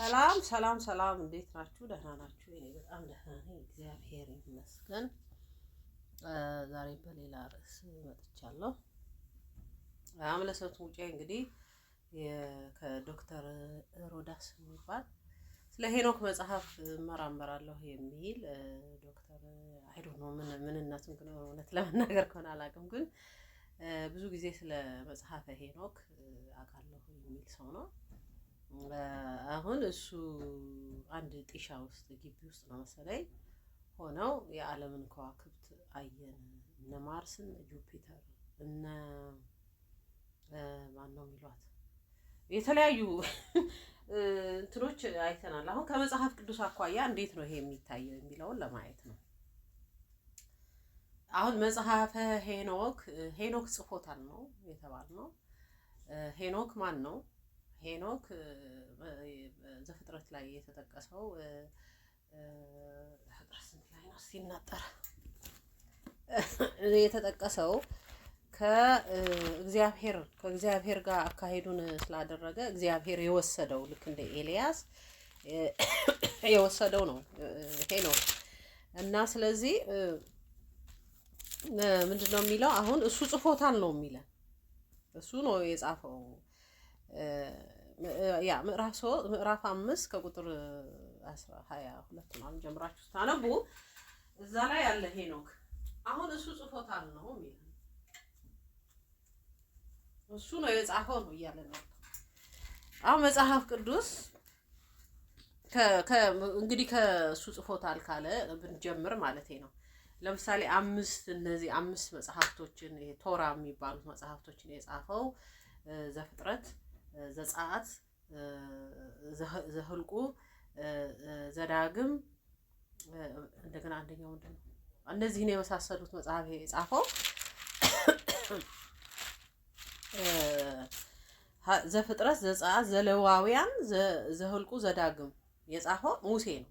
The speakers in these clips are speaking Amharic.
ሰላም ሰላም ሰላም፣ እንዴት ናችሁ? ደህና ናችሁ? እኔ በጣም ደህና ነኝ፣ እግዚአብሔር ይመስገን። ዛሬ በሌላ ርዕስ መጥቻለሁ። አምለሰቱ ውጪ እንግዲህ ከዶክተር ሮዳስ የሚባል ስለ ሄኖክ መጽሐፍ እመራመራለሁ የሚል ዶክተር አይዶ ነው። ምን ምንነቱን ግን እውነት ለመናገር ከሆነ አላውቅም፣ ግን ብዙ ጊዜ ስለ መጽሐፈ ሄኖክ አውቃለሁ የሚል ሰው ነው። አሁን እሱ አንድ ጢሻ ውስጥ ግቢ ውስጥ ነው መሰለኝ ሆነው የዓለምን ከዋክብት አየን። እነ ማርስን፣ ጁፒተር እነ ማን ነው የሚሏት የተለያዩ እንትኖች አይተናል። አሁን ከመጽሐፍ ቅዱስ አኳያ እንዴት ነው ይሄ የሚታየው የሚለውን ለማየት ነው። አሁን መጽሐፈ ሄኖክ ሄኖክ ጽፎታል ነው የተባል ነው። ሄኖክ ማን ነው? ሄኖክ ዘፍጥረት ላይ የተጠቀሰው ፍጥረት ስንት ላይ ነው ሲናጠር የተጠቀሰው ከእግዚአብሔር ከእግዚአብሔር ጋር አካሄዱን ስላደረገ እግዚአብሔር የወሰደው ልክ እንደ ኤልያስ የወሰደው ነው ሄኖክ እና ስለዚህ ምንድን ነው የሚለው? አሁን እሱ ጽፎታል ነው የሚለን። እሱ ነው የጻፈው። ያ ምዕራፍ አምስት ከቁጥር ሀያ ሁለት ምናምን ጀምራችሁ ስታነቡ እዛ ላይ ያለ ሄኖክ አሁን እሱ ጽፎታል ነው የሚል እሱ ነው የጻፈው ነው እያለ ነው። አሁን መጽሐፍ ቅዱስ እንግዲህ ከእሱ ጽፎታል ካለ ብንጀምር ማለት ነው። ለምሳሌ አምስት እነዚህ አምስት መጽሐፍቶችን ቶራ የሚባሉት መጽሐፍቶችን የጻፈው ዘፍጥረት ዘጸአት ዘህልቁ ዘዳግም እንደገና አንደኛው ምንድን ነው? እነዚህን የመሳሰሉት መጽሐፍ የጻፈው ዘፍጥረት፣ ዘጸአት፣ ዘለዋውያን፣ ዘህልቁ፣ ዘዳግም የጻፈው ሙሴ ነው።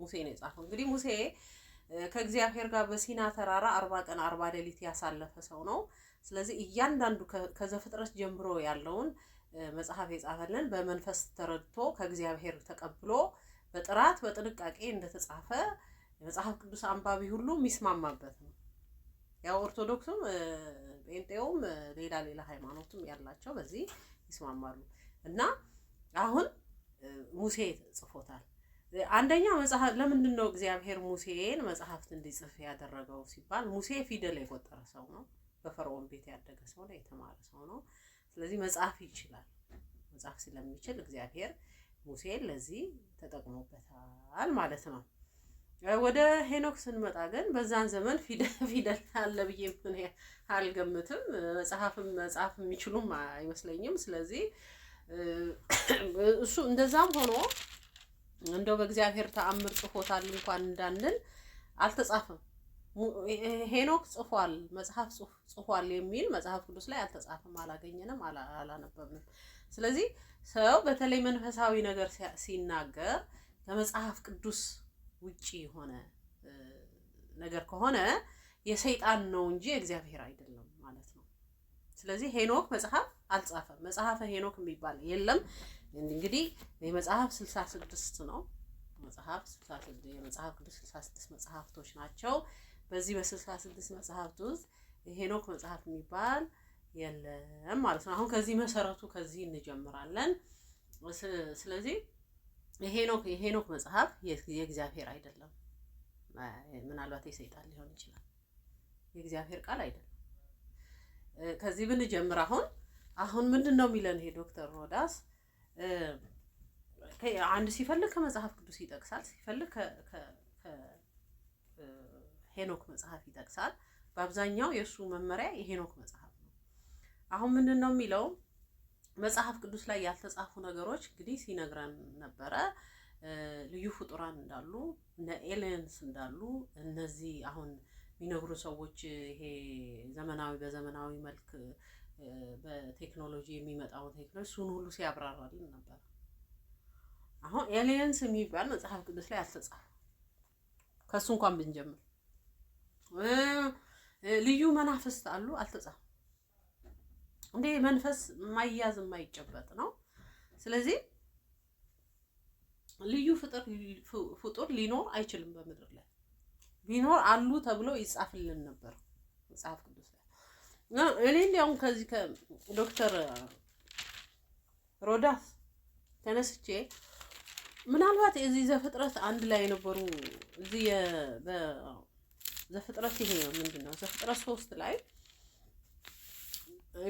ሙሴ ነው የጻፈው። እንግዲህ ሙሴ ከእግዚአብሔር ጋር በሲና ተራራ አርባ ቀን አርባ ሌሊት ያሳለፈ ሰው ነው። ስለዚህ እያንዳንዱ ከዘፍጥረት ጀምሮ ያለውን መጽሐፍ የጻፈልን በመንፈስ ተረድቶ ከእግዚአብሔር ተቀብሎ በጥራት በጥንቃቄ እንደተጻፈ መጽሐፍ ቅዱስ አንባቢ ሁሉ የሚስማማበት ነው። ያው ኦርቶዶክሱም ጴንጤውም ሌላ ሌላ ሃይማኖትም ያላቸው በዚህ ይስማማሉ እና አሁን ሙሴ ጽፎታል። አንደኛ መጽሐፍ ለምንድን ነው እግዚአብሔር ሙሴን መጽሐፍት እንዲጽፍ ያደረገው ሲባል ሙሴ ፊደል የቆጠረ ሰው ነው። በፈርዖን ቤት ያደገ ሰው ነው። የተማረ ሰው ነው። ስለዚህ መጽሐፍ ይችላል። መጽሐፍ ስለሚችል እግዚአብሔር ሙሴን ለዚህ ተጠቅሞበታል ማለት ነው። ወደ ሄኖክ ስንመጣ ግን በዛን ዘመን ፊደል አለ ብዬ ምን አልገምትም። መጽሐፍም መጽሐፍ የሚችሉም አይመስለኝም። ስለዚህ እሱ እንደዛም ሆኖ እንደው በእግዚአብሔር ተአምር ጽፎታል እንኳን እንዳንል አልተጻፈም። ሄኖክ ጽፏል መጽሐፍ ጽፏል የሚል መጽሐፍ ቅዱስ ላይ አልተጻፈም፣ አላገኘንም፣ አላነበብንም። ስለዚህ ሰው በተለይ መንፈሳዊ ነገር ሲናገር ከመጽሐፍ ቅዱስ ውጪ የሆነ ነገር ከሆነ የሰይጣን ነው እንጂ እግዚአብሔር አይደለም ማለት ነው። ስለዚህ ሄኖክ መጽሐፍ አልጻፈም። መጽሐፈ ሄኖክ የሚባል የለም። እንግዲህ የመጽሐፍ ስልሳ ስድስት ነው መጽሐፍ የመጽሐፍ ቅዱስ ስልሳ ስድስት መጽሐፍቶች ናቸው። በዚህ በስልሳ ስድስት መጽሐፍት ውስጥ የሄኖክ መጽሐፍ የሚባል የለም ማለት ነው። አሁን ከዚህ መሰረቱ ከዚህ እንጀምራለን። ስለዚህ የሄኖክ የሄኖክ መጽሐፍ የእግዚአብሔር አይደለም። ምናልባት የሰይጣን ሊሆን ይችላል። የእግዚአብሔር ቃል አይደለም። ከዚህ ብንጀምር አሁን አሁን ምንድን ነው የሚለን ይሄ ዶክተር ሮዳስ አንድ ሲፈልግ ከመጽሐፍ ቅዱስ ይጠቅሳል ሲፈልግ ሄኖክ መጽሐፍ ይጠቅሳል። በአብዛኛው የእሱ መመሪያ የሄኖክ መጽሐፍ ነው። አሁን ምንድን ነው የሚለው መጽሐፍ ቅዱስ ላይ ያልተጻፉ ነገሮች እንግዲህ ሲነግረን ነበረ። ልዩ ፍጡራን እንዳሉ እነ ኤሊየንስ እንዳሉ እነዚህ አሁን የሚነግሩ ሰዎች ይሄ ዘመናዊ በዘመናዊ መልክ በቴክኖሎጂ የሚመጣውን ቴክኖሎጂ እሱን ሁሉ ሲያብራራልን ነበር። አሁን ኤሊየንስ የሚባል መጽሐፍ ቅዱስ ላይ ያልተጻፈ? ከእሱ እንኳን ብንጀምር ልዩ መናፍስት አሉ አልተጻፈም። እንዴ መንፈስ ማያዝ የማይጨበጥ ነው። ስለዚህ ልዩ ፍጡር ሊኖር አይችልም በምድር ላይ ቢኖር አሉ ተብሎ ይጻፍልን ነበር መጽሐፍ ቅዱስ ላይ። እኔ እንዲያውም ከዚህ ከዶክተር ሮዳስ ተነስቼ ምናልባት የዚህ ዘፍጥረት አንድ ላይ የነበሩ እዚህ ዘፍጥረት ይሄ ነው ምንድን ነው ዘፍጥረት ሶስት ላይ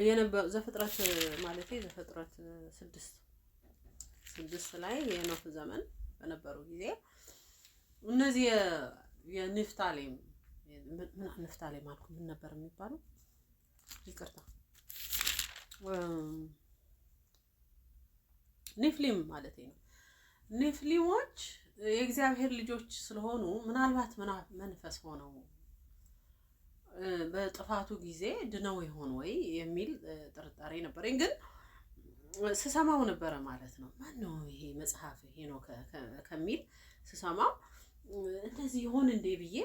የነበረው ዘፍጥረት ማለት ዘፍጥረት ስድስት ስድስት ላይ የኖህ ዘመን በነበረው ጊዜ እነዚህ የንፍታሌም ምን ንፍታሌም አልኩ ምን ነበር የሚባለው? ይቅርታ ኒፍሊም ማለት ነው። ኒፍሊሞች የእግዚአብሔር ልጆች ስለሆኑ ምናልባት መንፈስ ሆነው በጥፋቱ ጊዜ ድነው ይሆን ወይ የሚል ጥርጣሬ ነበረኝ። ግን ስሰማው ነበረ ማለት ነው። ነው ይሄ መጽሐፍ ነው ከሚል ስሰማው እንደዚህ ይሆን እንዴ ብዬ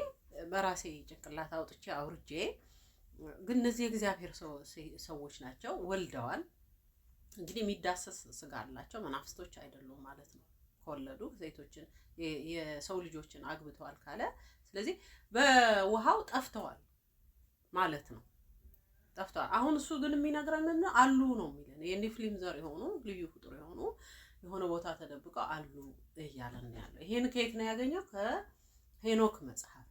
በራሴ ጭንቅላት አውጥቼ አውርጄ፣ ግን እነዚህ የእግዚአብሔር ሰዎች ናቸው፣ ወልደዋል። እንግዲህ የሚዳሰስ ስጋ አላቸው፣ መናፍስቶች አይደሉም ማለት ነው። ከወለዱ ሴቶችን የሰው ልጆችን አግብተዋል ካለ ስለዚህ በውሃው ጠፍተዋል ማለት ነው። ጠፍተዋል። አሁን እሱ ግን የሚነግረን አሉ ነው የሚለን የኒፍሊም ዘር የሆኑ ልዩ ፍጡር የሆኑ የሆነ ቦታ ተደብቀው አሉ እያለን ያለው። ይሄን ከየት ነው ያገኘው? ከሄኖክ መጽሐፍ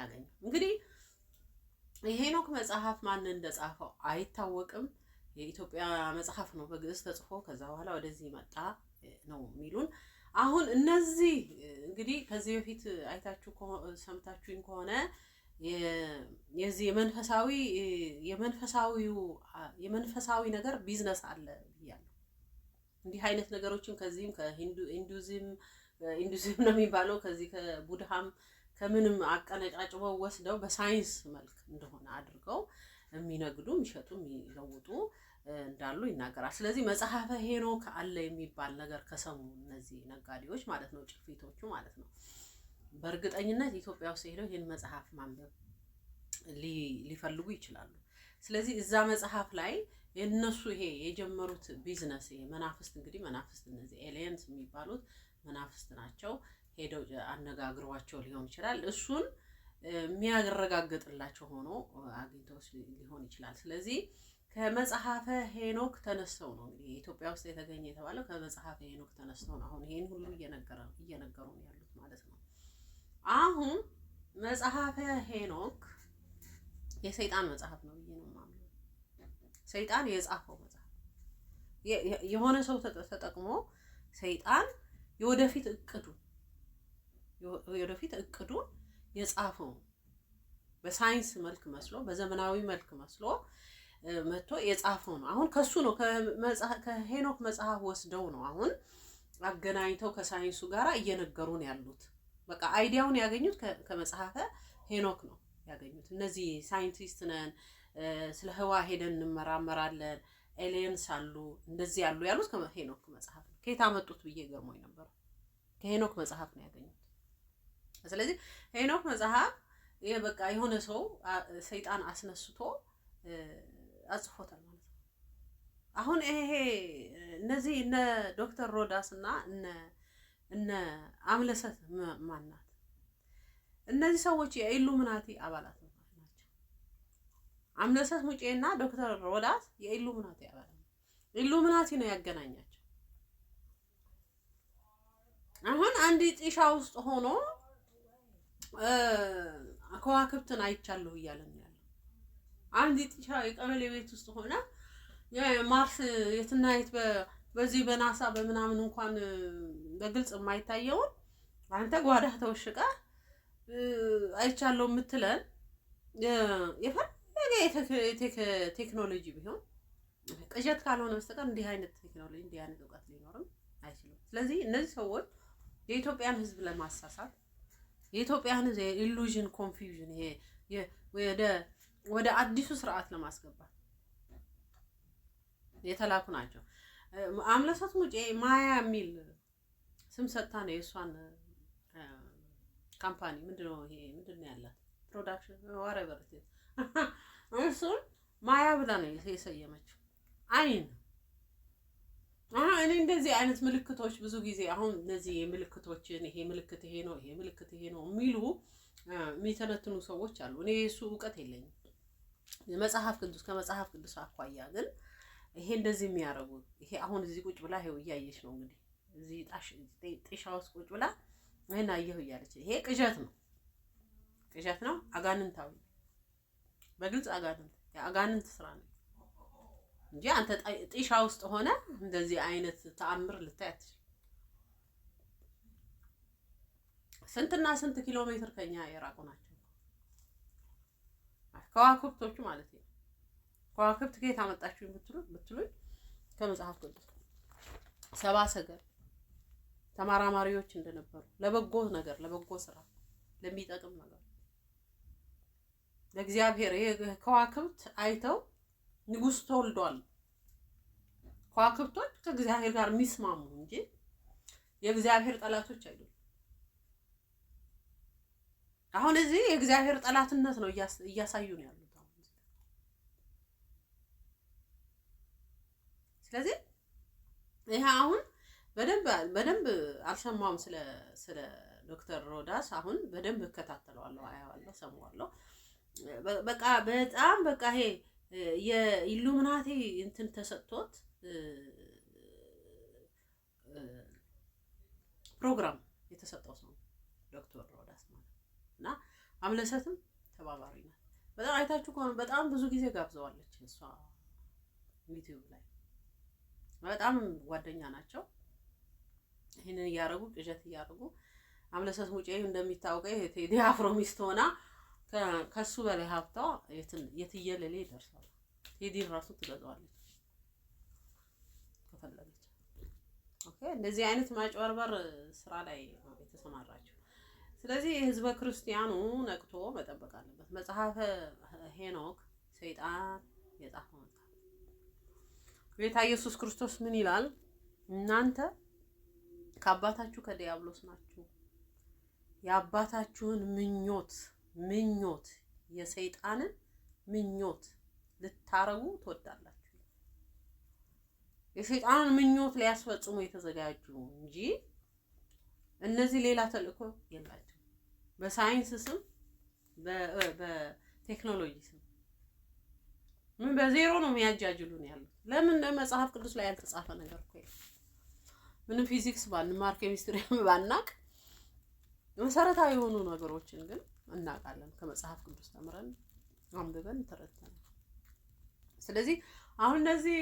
ያገኘው። እንግዲህ የሄኖክ መጽሐፍ ማን እንደጻፈው አይታወቅም። የኢትዮጵያ መጽሐፍ ነው በግዕዝ ተጽፎ ከዛ በኋላ ወደዚህ መጣ። ነው የሚሉን። አሁን እነዚህ እንግዲህ ከዚህ በፊት አይታችሁ ሰምታችሁኝ ከሆነ የዚህ የመንፈሳዊ የመንፈሳዊው የመንፈሳዊ ነገር ቢዝነስ አለ ብያለሁ። እንዲህ አይነት ነገሮችን ከዚህም ከኢንዱዚም ኢንዱዚም ነው የሚባለው ከዚህ ከቡድሃም ከምንም አቀነጫጭበው ወስደው በሳይንስ መልክ እንደሆነ አድርገው የሚነግዱ የሚሸጡ የሚለውጡ እንዳሉ ይናገራል። ስለዚህ መጽሐፈ ሄኖክ አለ የሚባል ነገር ከሰሙ እነዚህ ነጋዴዎች ማለት ነው፣ ጭፍቶቹ ማለት ነው። በእርግጠኝነት ኢትዮጵያ ውስጥ ሄደው ይህን መጽሐፍ ማንበብ ሊፈልጉ ይችላሉ። ስለዚህ እዛ መጽሐፍ ላይ የእነሱ ይሄ የጀመሩት ቢዝነስ ይሄ መናፍስት እንግዲህ መናፍስት እነዚህ ኤሊየንስ የሚባሉት መናፍስት ናቸው። ሄደው አነጋግሯቸው ሊሆን ይችላል። እሱን የሚያረጋግጥላቸው ሆኖ አግኝተው ሊሆን ይችላል። ስለዚህ ከመጽሐፈ ሄኖክ ተነስተው ነው እንግዲህ ኢትዮጵያ ውስጥ የተገኘ የተባለው ከመጽሐፈ ሄኖክ ተነስተው ነው። አሁን ይሄን ሁሉ እየነገሩ ያሉት ማለት ነው። አሁን መጽሐፈ ሄኖክ የሰይጣን መጽሐፍ ነው ብዬ ነው የማምነው። ሰይጣን የጻፈው መጽሐፍ የሆነ ሰው ተጠቅሞ ሰይጣን የወደፊት እቅዱ የወደፊት እቅዱን የጻፈው በሳይንስ መልክ መስሎ በዘመናዊ መልክ መስሎ መጥቶ የጻፈው ነው። አሁን ከሱ ነው ከሄኖክ መጽሐፍ ወስደው ነው አሁን አገናኝተው ከሳይንሱ ጋር እየነገሩን ያሉት። በቃ አይዲያውን ያገኙት ከመጽሐፈ ሄኖክ ነው ያገኙት። እነዚህ ሳይንቲስት ነን፣ ስለ ህዋ ሄደን እንመራመራለን፣ ኤሊየንስ አሉ፣ እንደዚህ ያሉ ያሉት ከሄኖክ መጽሐፍ ነው። ከየት አመጡት ብዬ ገርሞኝ ነበር። ከሄኖክ መጽሐፍ ነው ያገኙት። ስለዚህ ሄኖክ መጽሐፍ ይሄ በቃ የሆነ ሰው ሰይጣን አስነስቶ አጽፎታል ማለት ነው። አሁን ይሄ እነዚህ እነ ዶክተር ሮዳስ እና እነ አምለሰት ማናት እነዚህ ሰዎች የኢሉምናቲ አባላት ናቸው። አምለሰት ሙጬ እና ዶክተር ሮዳስ የኢሉምናቲ አባላት ነው። ኢሉምናቲ ነው ያገናኛቸው። አሁን አንድ ጢሻ ውስጥ ሆኖ ከዋክብትን አይቻለሁ እያለን አንድ የጢሻ የቀበሌ ቤት ውስጥ ሆነ ማርስ የትናየት በዚህ በናሳ በምናምን እንኳን በግልጽ የማይታየውን አንተ ጓዳ ተውሽቀ አይቻለው የምትለን የፈለገ ቴክኖሎጂ ቢሆን ቅዠት ካልሆነ በስተቀር እንዲህ አይነት ቴክኖሎጂ እንዲህ አይነት እውቀት ሊኖርም አይችልም። ስለዚህ እነዚህ ሰዎች የኢትዮጵያን ሕዝብ ለማሳሳት የኢትዮጵያን ኢሉዥን የኢሉዥን ኮንፊውዥን ይሄ ወደ ወደ አዲሱ ስርዓት ለማስገባት የተላኩ ናቸው። አምለሰት ሙጭ ማያ የሚል ስም ሰጥታ ነው የእሷን ካምፓኒ ምንድነው ይሄ ያላት ፕሮዳክሽን ዋረበር እሱን ማያ ብላ ነው የሰየመችው። አይን እኔ እንደዚህ አይነት ምልክቶች ብዙ ጊዜ አሁን እነዚህ የምልክቶችን ይሄ ምልክት ይሄ ነው ይሄ ምልክት ይሄ ነው የሚሉ የሚተነትኑ ሰዎች አሉ። እኔ እሱ እውቀት የለኝም። መጽሐፍ ቅዱስ ከመጽሐፍ ቅዱስ አኳያ ግን ይሄ እንደዚህ የሚያደርጉት ይሄ አሁን እዚህ ቁጭ ብላ ይሄው እያየች ነው እንግዲህ እዚህ ጤሻ ውስጥ ቁጭ ብላ ይህን አየሁ እያለች ይሄ ቅዠት ነው፣ ቅዠት ነው፣ አጋንንታዊ በግልጽ አጋንንት የአጋንንት ስራ ነው እንጂ አንተ ጤሻ ውስጥ ሆነ እንደዚህ አይነት ተአምር ልታይ አትችልም። ስንትና ስንት ኪሎ ሜትር ከኛ የራቁ ናቸው። ከዋክብቶቹ ማለት ነው። ከዋክብት ከየት አመጣችሁ ብትሉ ብትሉኝ ከመጽሐፍ ቅዱስ ሰባ ሰገል ተመራማሪዎች እንደነበሩ ለበጎ ነገር፣ ለበጎ ስራ፣ ለሚጠቅም ነገር ለእግዚአብሔር ከዋክብት አይተው ንጉስ ተወልዷል። ከዋክብቶች ከእግዚአብሔር ጋር የሚስማሙ እንጂ የእግዚአብሔር ጠላቶች አይደሉም። አሁን እዚህ የእግዚአብሔር ጠላትነት ነው እያሳዩ ነው ያሉት። ስለዚህ ይሄ አሁን በደንብ በደንብ አልሰማውም ስለ ስለ ዶክተር ሮዳስ አሁን በደንብ እከታተለዋለሁ፣ አያዋለሁ፣ ሰማዋለሁ። በቃ በጣም በቃ ይሄ የኢሉሚናቲ እንትን ተሰጥቶት ፕሮግራም የተሰጠው ሰው ዶክተር እና አምለሰትም ተባባሪ ናት። በጣም አይታችሁ ከሆነ በጣም ብዙ ጊዜ ጋብዘዋለች እሷ ዩቲዩብ ላይ በጣም ጓደኛ ናቸው። ይህንን እያደረጉ ቅዠት እያደረጉ አምለሰት ሙጬ እንደሚታወቀ ቴዲ አፍሮ ሚስት ሆና ከሱ በላይ ሀብቷ የትየለሌ ይደርሳል። ቴዲን ራሱ ትገዛዋለች ከፈለገች። ኦኬ እንደዚህ አይነት ማጭበርበር ስራ ላይ የተሰማራቸው ስለዚህ የህዝበ ክርስቲያኑ ነቅቶ መጠበቅ አለበት። መጽሐፈ ሄኖክ ሰይጣን የጻፈው መጽሐፍ ጌታ ኢየሱስ ክርስቶስ ምን ይላል? እናንተ ከአባታችሁ ከዲያብሎስ ናችሁ፣ የአባታችሁን ምኞት ምኞት የሰይጣንን ምኞት ልታረጉ ትወዳላችሁ። የሰይጣንን ምኞት ሊያስፈጽሙ የተዘጋጁ እንጂ እነዚህ ሌላ ተልእኮ የላቸው በሳይንስ ስም በቴክኖሎጂ ስም ምን በዜሮ ነው የሚያጃጅሉን ያሉት። ለምን መጽሐፍ ቅዱስ ላይ ያልተጻፈ ነገር እኮ ምንም ፊዚክስ ባንማር ኬሚስትሪ ባናቅ መሰረታዊ የሆኑ ነገሮችን ግን እናውቃለን ከመጽሐፍ ቅዱስ ተምረን አንብበን ተረድተናል። ስለዚህ አሁን እነዚህ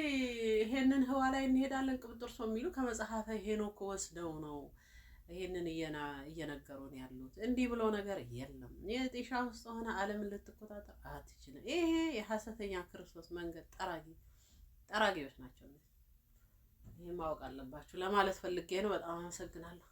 ይሄንን ህዋ ላይ እንሄዳለን ቅብጥርሶ የሚሉ ከመጽሐፈ ሄኖክ ወስደው ነው ይሄንን እየነገሩን ያሉት እንዲህ ብሎ ነገር የለም። የጤሻ ውስጥ ሆነ ዓለምን ልትቆጣጠር አትችልም። ይሄ የሐሰተኛ ክርስቶስ መንገድ ጠራጊ ጠራጊዎች ናቸው። ይህ ማወቅ አለባችሁ ለማለት ፈልጌ ነው። በጣም አመሰግናለሁ።